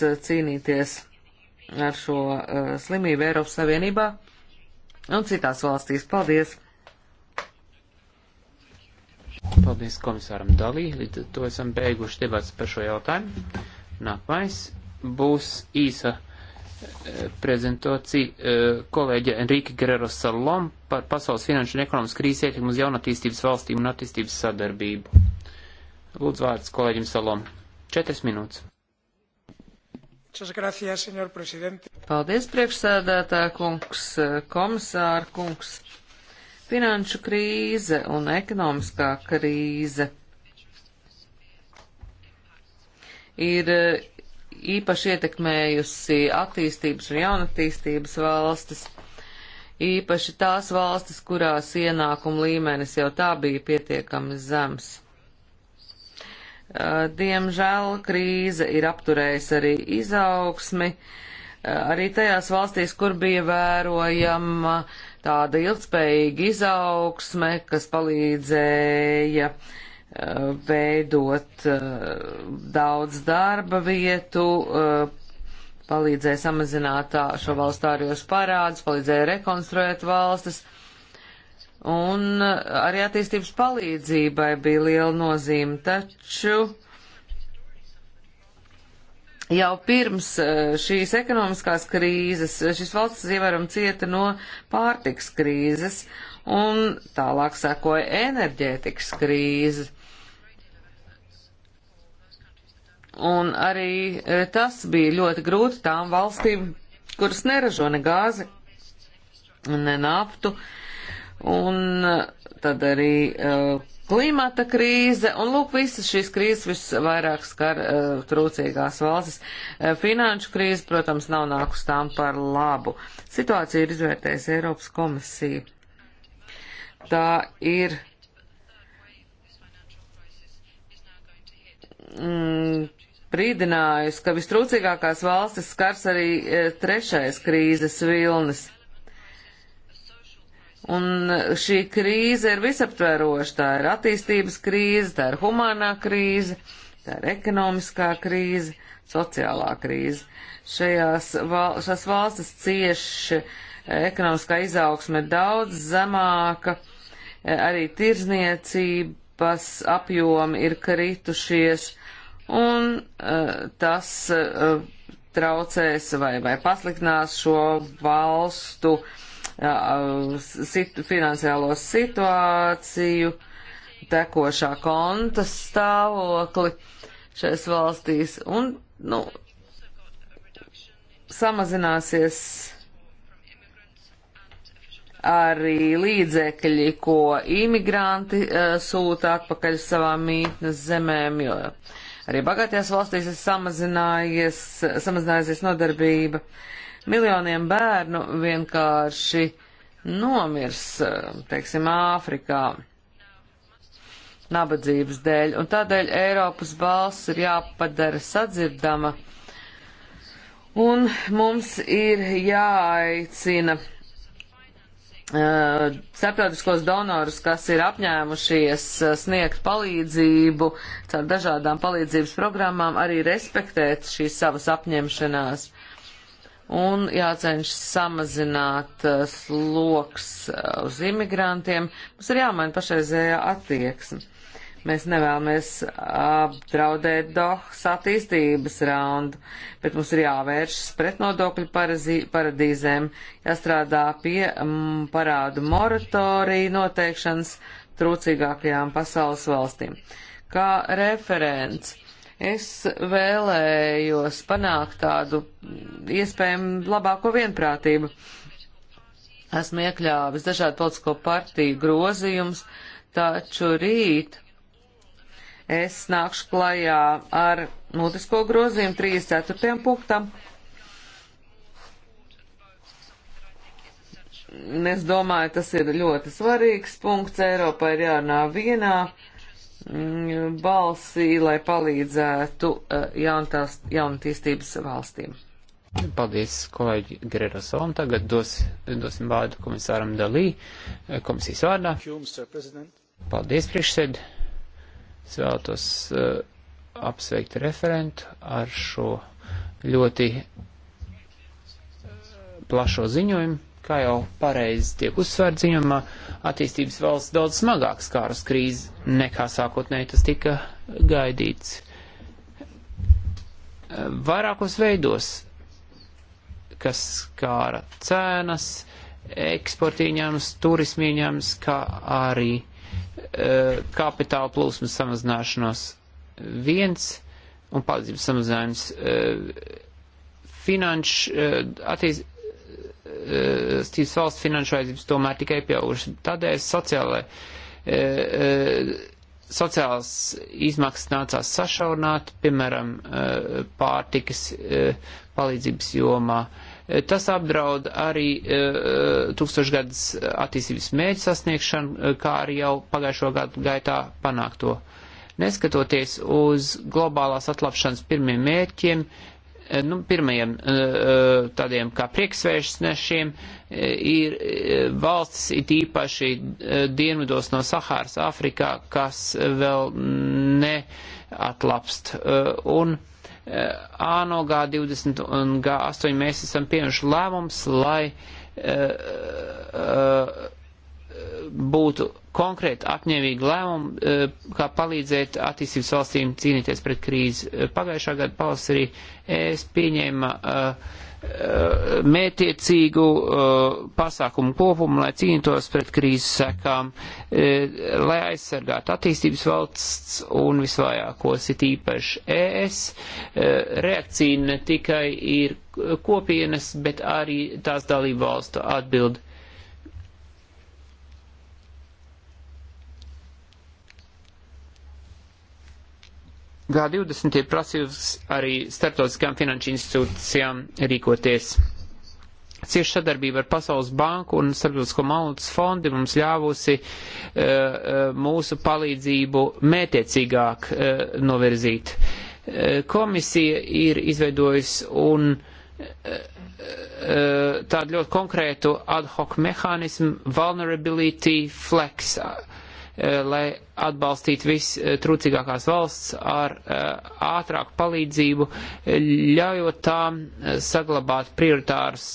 Eh, cīnīties ar šo uh, slimību Eiropas Savienībā un citās valstīs. Paldies! Paldies komisāram Dalī. Līdz ar to esam beiguši debats par šo jautājumu. Nākamais būs īsa eh, prezentācija kolēģa Enrika Guerrero Salom par pasaules finanšu un ekonomiskas krīzes ietekmi uz jaunatīstības valstīm un attīstības sadarbību. Lūdzu vārds kolēģim Salom. Četras minūtes. Paldies, priekšsēdētā kungs, komisāra kungs. Finanšu krīze un ekonomiskā krīze ir īpaši ietekmējusi attīstības un jaunatīstības valstis, īpaši tās valstis, kurās ienākuma līmenis jau tā bija pietiekami zems. Eh, diemžēl krīze ir apturējusi arī izaugsmi, eh, arī tajās valstīs, kur bija vērojama tāda ilgspējīga izaugsme, kas palīdzēja eh, veidot daudz darba vietu, palīdzēja samazināt šo valstu ārjos parādus, palīdzēja rekonstruēt valstis un arī attīstības palīdzībai bija liela nozīme, taču jau pirms eh, šīs ekonomiskās krīzes eh, šis valsts ievaram cieta no pārtiks krīzes, un tālāk sekoja enerģētikas krīze. Un arī eh, tas bija ļoti grūti tām valstīm, kuras neražo ne gāzi, ne naftu, uh, un eh, tad arī uh, klimata krīze, un lūk, visas šīs krīzes visvairāk skar uh, trūcīgās valstis. Uh, finanšu krīze, protams, nav nākus tām par labu. Situācija ir izvērtējusi Eiropas komisija. Tā ir. Mm, brīdinājusi, ka vistrūcīgākās valstis skars arī trešais krīzes vilnis. Un šī krīze ir visaptveroša. Tā ir attīstības krīze, tā ir humanā krīze, tā ir ekonomiskā krīze, sociālā krīze. Šajās val, šās valstis cieši ekonomiskā izaugsme ir daudz zemāka, arī tirzniecības apjomi ir kritušies, un eh, tas eh, traucēs vai, vai pasliktinās šo valstu uh, situ, finansiālo situāciju, tekošā konta stāvokli šais valstīs, un, nu, samazināsies arī līdzekļi, ko imigranti uh, sūta atpakaļ savām mītnes zemēm, jo arī bagātajās valstīs ir samazinājies, samazinājusies nodarbība. Uh, Miljoniem bērnu vienkārši nomirs, teiksim, Āfrikā nabadzības dēļ, un tādēļ Eiropas balss ir jāpadara sadzirdama, un mums ir jāaicina Uh, starptautiskos donorus, kas ir apņēmušies sniegt palīdzību caur dažādām palīdzības programmām, arī respektēt šīs savas apņemšanās un jācenšas samazināt uh, sloks uh, uz imigrantiem. Mums ir jāmaina pašreizējā attieksme. Mēs nevēlamies apdraudēt Dohas attīstības raundu, bet mums ir jāvēršas pret nodokļu paradīzēm, jāstrādā pie mm, parādu moratoriju noteikšanas trūcīgākajām pasaules valstīm. Kā referents Es vēlējos panākt tādu iespējami labāko vienprātību. Esmu iekļāvis dažādu politisko partiju grozījums, taču rīt es nākšu klajā ar mutisko grozījumu 34. punktam. Es domāju, tas ir ļoti svarīgs punkts. Eiropā ir jārunā vienā Mm, balsī, lai palīdzētu eh, jauntās, jaunatīstības valstīm. Paldies, kolēģi Grerason. Tagad dos, dosim vārdu komisāram Dalī, eh, komisijas vārdā. Paldies, priekšsēd. Es vēlētos uh, apsveikt referentu ar šo ļoti plašo ziņojumu kā jau pareizi tiek uzsvērts ziņojumā, attīstības valsts daudz smagāk skāras krīzi nekā sākotnēji tas tika gaidīts. Vairākos veidos, kas skāra cenas, eksportīņēmums, turismīņēmums, kā arī e, kapitāla plūsmas samazināšanos viens un palīdzības samazinājums. E, finanšu e, attīst, attīstības eh, valsts finanšu vajadzības tomēr tikai pieaugušas. Tādēļ sociālai, eh, eh, sociālās izmaksas nācās sašaurināt, piemēram, pārtikas palīdzības jomā. Tas apdraud arī uh, tūkstošgadus attīstības mērķu sasniegšanu, kā arī jau pagājušo gadu gaitā panākto. Neskatoties uz globālās atlapšanas pirmiem mērķiem, uh, Eh, nu, pirmajiem eh, eh, tādiem kā prieksvēršnešiem ir valsts, it īpaši dienvidos no Sahāras Āfrikā, kas vēl neatlapst. Un ANO G20 un G8 mēs esam pieņemši lēmums, lai būtu konkrētu apņēmīgu lēmumu, eh, kā palīdzēt attīstības valstīm cīnīties pret krīzi. Eh, pagājušā gada pavasarī es pieņēma eh, mētiecīgu pasākumu kopumu, lai cīnītos pret krīzes sekām, lai aizsargātu attīstības valsts un visvājākos ir īpaši ES. Reakcija ne tikai ir kopienas, bet arī tās dalību valstu atbildi G20 ir prasījusi arī starptautiskām finanšu institūcijām rīkoties. Cieša sadarbība ar Pasaules banku un Starptautisko malūtas fondi mums ļāvusi e, mūsu palīdzību mētiecīgāk e, eh, novirzīt. E, komisija ir izveidojusi un tādu ļoti konkrētu ad hoc mehānismu Vulnerability Flex Eh, lai atbalstītu vistrūcīgākās valsts ar eh, ātrāku palīdzību, ļaujot tām eh, saglabāt prioritārus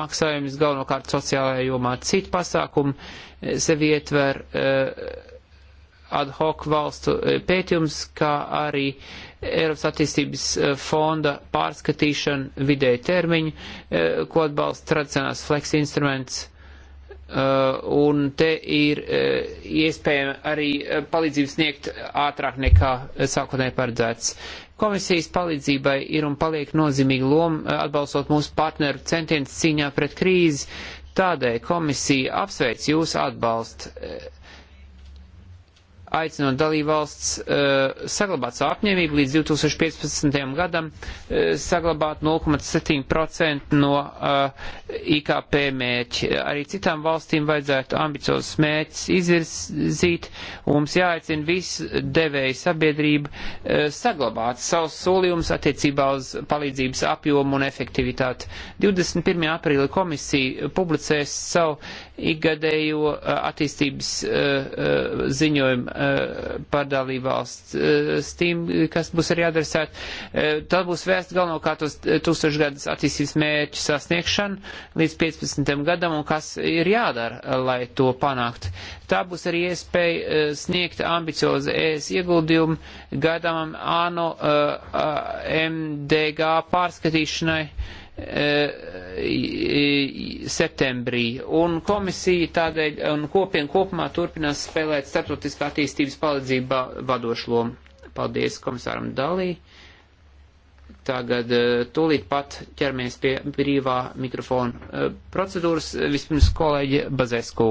maksājumus galvenokārt sociālajā jomā. Citi pasākumi sevi ietver ad hoc valstu pētījums, kā arī Eiropas attīstības fonda pārskatīšana vidēji termiņu, ko atbalsta tradicionāls fleks instruments Eh, un te ir eh, iespējama arī eh, palīdzību sniegt ātrāk nekā sākotnēji paredzēts. Komisijas palīdzībai ir un paliek nozīmīga loma atbalstot mūsu partneru centienus cīņā pret krīzi, tādēļ komisija apsveic jūsu atbalstu aicinot dalībvalsts uh, saglabāt savu apņēmību līdz 2015. gadam, uh, saglabāt 0,7% no uh, eh, IKP mērķi. Arī citām valstīm vajadzētu ambiciozus mērķus izvirzīt, un mums jāaicina visu devēju sabiedrību uh, saglabāt savus solījumus attiecībā uz palīdzības apjomu un efektivitāti. 21. aprīli komisija publicēs savu ikgadējo uh, attīstības uh, uh, ziņojumu Eh, par dalībvalstīm, eh, kas būs arī adresēt. Eh, Tad būs vērsts galvenokārt uz tūkstošgadus attīstības mērķu sasniegšanu līdz 15. gadam un kas ir jādara, lai to panākt. Tā būs arī iespēja sniegt ambiciozu ES ieguldījumu gaidāmam ANO MDG pārskatīšanai Eh, septembrī. Un komisija tādēļ un kopien kopumā turpinās spēlēt starptautiskā attīstības palīdzībā vadošu lomu. Paldies komisāram Dalī. Tagad eh, tūlīt pat ķermies pie brīvā mikrofona eh, procedūras. Vispirms kolēģi Bazesku.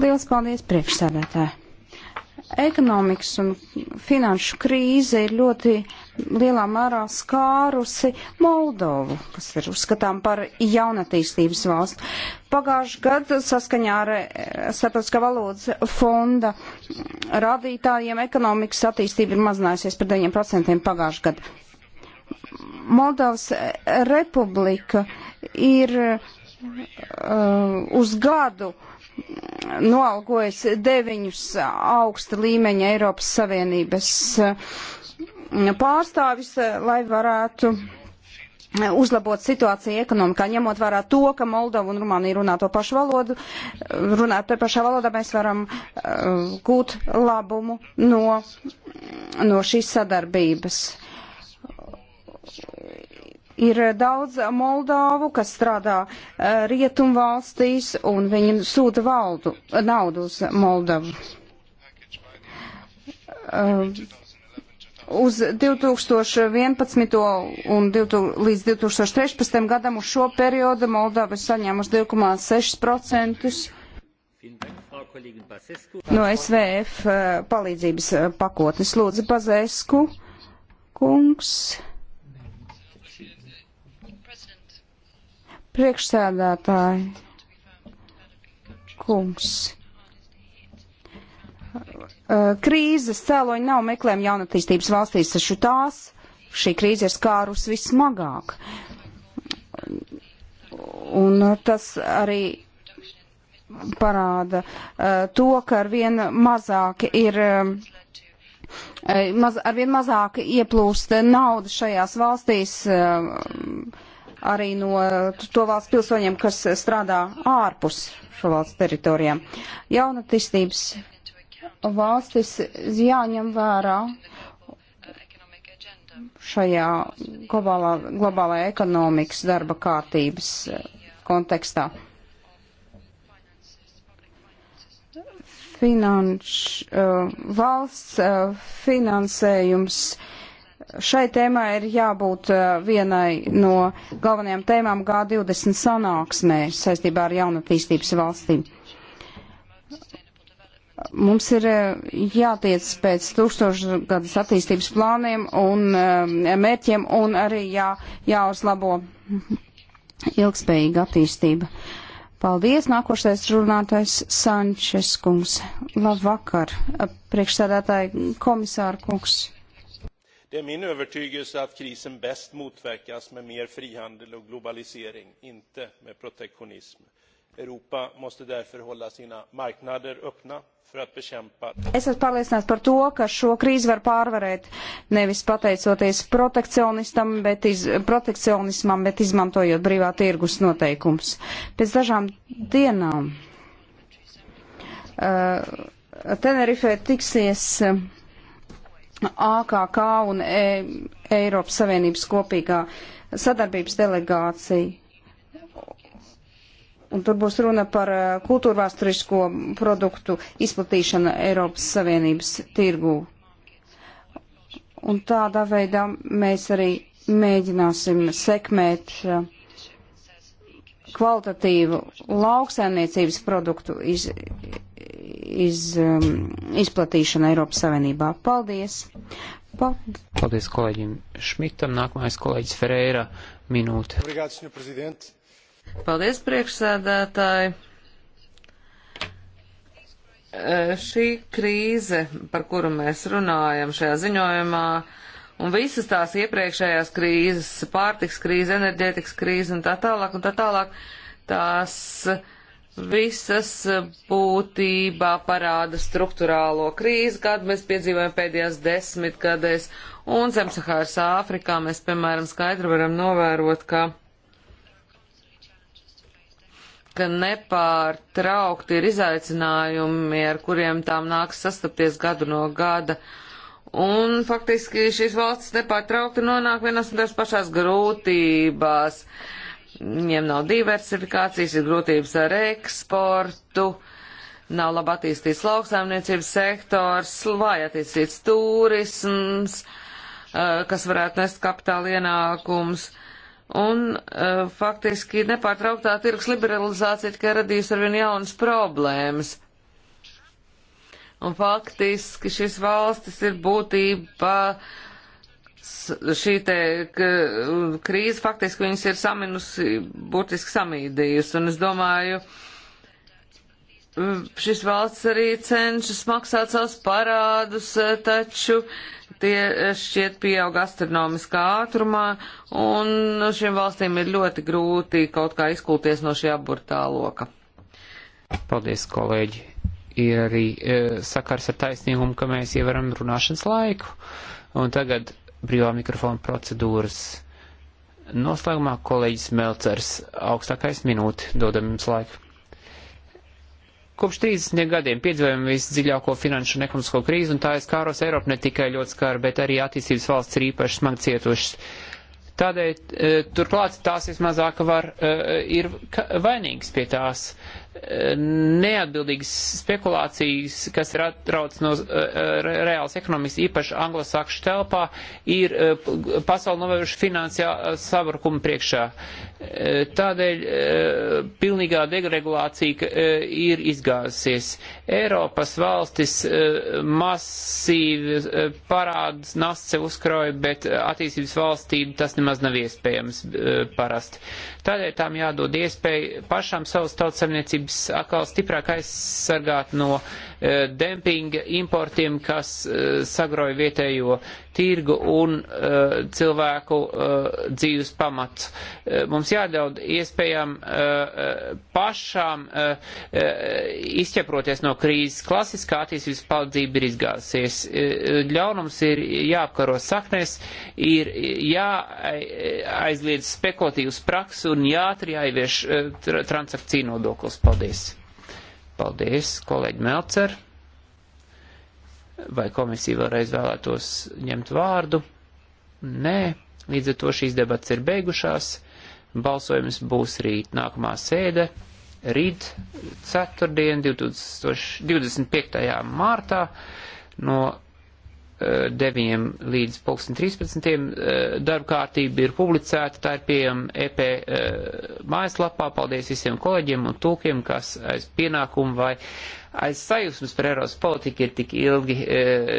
Liels paldies priekšsēdētāji! Ekonomikas un finanšu krīze ir ļoti lielā mērā skārusi Moldovu, kas ir uzskatām par jaunatīstības valstu. Pagājuši gadu saskaņā ar eh, Starptautiskā valodas fonda rādītājiem ekonomikas attīstība ir mazinājusies par 9% pagājuši gadu. Moldovas eh, republika ir uh, uz gadu uh, noalgojis deviņus augsta līmeņa Eiropas Savienības eh, pārstāvis, eh, lai varētu eh, uzlabot situāciju ekonomikā, ņemot vērā to, ka Moldova un Rumānija runā to pašu valodu, runāt par pašā valodā, mēs varam uh, gūt labumu no, no šīs sadarbības Ir eh, daudz Moldāvu, kas strādā eh, rietumvalstīs, un viņi sūta valdu, naudu uz Moldavu. Uh, eh, uz 2011. un 2000, līdz 2013. gadam uz šo periodu Moldāva ir saņēmusi 2,6% no SVF palīdzības pakotnes. Lūdzu, Bazēsku kungs. Priekšsēdētāji, kungs. Uh, krīzes cēloņi nav meklējumi jaunatīstības valstīs, taču tās šī krīze ir skārus vismagāk. Un tas arī parāda uh, to, ka arvien mazāk ir. Um, uh, maz, arvien mazāk ieplūst nauda šajās valstīs, uh, arī no to valsts pilsoņiem, kas strādā ārpus šo valsts teritorijām. Jaunatistības valstis jāņem vērā šajā globālā, globālā ekonomikas darba kārtības kontekstā. Finanš, uh, valsts uh, finansējums uh, šai tēmai ir jābūt eh, vienai no galvenajām tēmām G20 sanāksmē saistībā ar jaunatīstības valstīm. Mums ir eh, jātiec pēc tūkstošgadus attīstības plāniem un eh, mērķiem un arī jā, jāuzlabo ilgspējīga attīstība. Paldies, nākošais runātais Sančes kungs. Labvakar, priekšsēdētāji komisāra kungs. Det är min övertygelse att krisen bäst motverkas med mer frihandel och globalisering, inte med protektionism. Eiropa måste därför hålla sina marknader öppna för att bekämpa. Es esmu pārliecināts par to, ka šo krīzi var pārvarēt nevis pateicoties protekcionistam, bet iz, protekcionismam, bet izmantojot brīvā tirgus noteikums. Pēc dažām dienām uh, Tenerife tiksies. Uh, AKK un e Eiropas Savienības kopīgā sadarbības delegācija. Un tur būs runa par e, kultūrvēsturisko produktu izplatīšanu Eiropas Savienības tirgū. Un tādā veidā mēs arī mēģināsim sekmēt uh, kvalitatīvu lauksaimniecības produktu iz, iz, um, izplatīšanu Eiropas Savienībā. Paldies! Pa... Paldies kolēģim Šmitam. Nākamais kolēģis Ferreira minūte. Paldies, priekšsēdētāji! Šī krīze, par kuru mēs runājam šajā ziņojumā, uh, Un visas tās iepriekšējās krīzes, pārtiks krīze, enerģētikas krīze un tā tālāk un tā tālāk, tās visas būtībā parāda struktūrālo krīzi, kādu mēs piedzīvojam pēdējās desmitgadēs. Un Zemsahāras Āfrikā mēs, piemēram, skaidri varam novērot, ka ka nepārtraukti ir izaicinājumi, ar kuriem tām nāks sastapties gadu no gada. Uh, Un faktiski šīs valsts nepārtraukti nonāk vienas un tās pašās grūtībās. Viņiem nav diversifikācijas, ir grūtības ar eksportu, nav labi attīstīts lauksaimniecības sektors, vāj attīstīts turisms, eh, kas varētu nest kapitāla ienākums. Un eh, faktiski nepārtrauktā tirgus liberalizācija tikai radīs arvien jaunas problēmas Un faktiski šis valstis ir būtībā šī te krīze, faktiski viņas ir saminusi, būtiski samīdījusi. Un es domāju, šis valsts arī cenšas maksāt savus parādus, taču tie šķiet pieaug astronomiskā ātrumā, un šiem valstīm ir ļoti grūti kaut kā izkulties no šī aburtā loka. Paldies, kolēģi! ir arī e, sakars ar taisnīgumu, ka mēs ievaram runāšanas laiku. Un tagad brīvā mikrofona procedūras noslēgumā kolēģis Melcers augstākais minūti dodam jums laiku. Kopš 30 gadiem piedzīvojam visdziļāko finanšu un ekonomisko krīzi, un tā aizskāros Eiropu ne tikai ļoti skar, bet arī attīstības valsts ir īpaši smagi cietušas. Tādēļ e, turklāt tās vismazāk var, e, ir vainīgas pie tās e, neatbildīgas spekulācijas, kas ir atrauc no reāls ekonomikas, īpaši anglosakšu telpā, ir pasauli novēruši finansiālā sabrukuma priekšā. Tādēļ pilnīgā deregulācija ir izgāzusies. Eiropas valstis masīvi parādas nast sev uzkrauj, bet attīstības valstīm tas nemaz nemaz nav iespējams eh, parasti. Tādēļ tām jādod iespēja pašām savas tautsamniecības atkal stiprāk aizsargāt no e, dempinga importiem, kas e, sagroja vietējo tirgu un e, cilvēku e, dzīves pamats. E, mums jādod iespējām e, e, pašām e, e, izķeproties no krīzes. Klasiskā attīstības palīdzība ir izgāzies. E, ļaunums ir jāapkaro saknēs, ir jāaizliedz spekulatīvas prakses un jātri jāievieš eh, tra transakciju nodoklis. Paldies! Paldies, kolēģi Melcer! Vai komisija vēlreiz vēlētos ņemt vārdu? Nē, līdz ar to šīs debats ir beigušās. Balsojums būs rīt nākamā sēde, rīt ceturtdien, 20, 25. martā no 9 līdz 2013. Eh, darba kārtība ir publicēta, tā ir pieejama EP eh, mājaslapā. Paldies visiem kolēģiem un tūkiem, kas aiz pienākumu vai aiz sajūsmas par Eiropas politiku ir tik ilgi eh,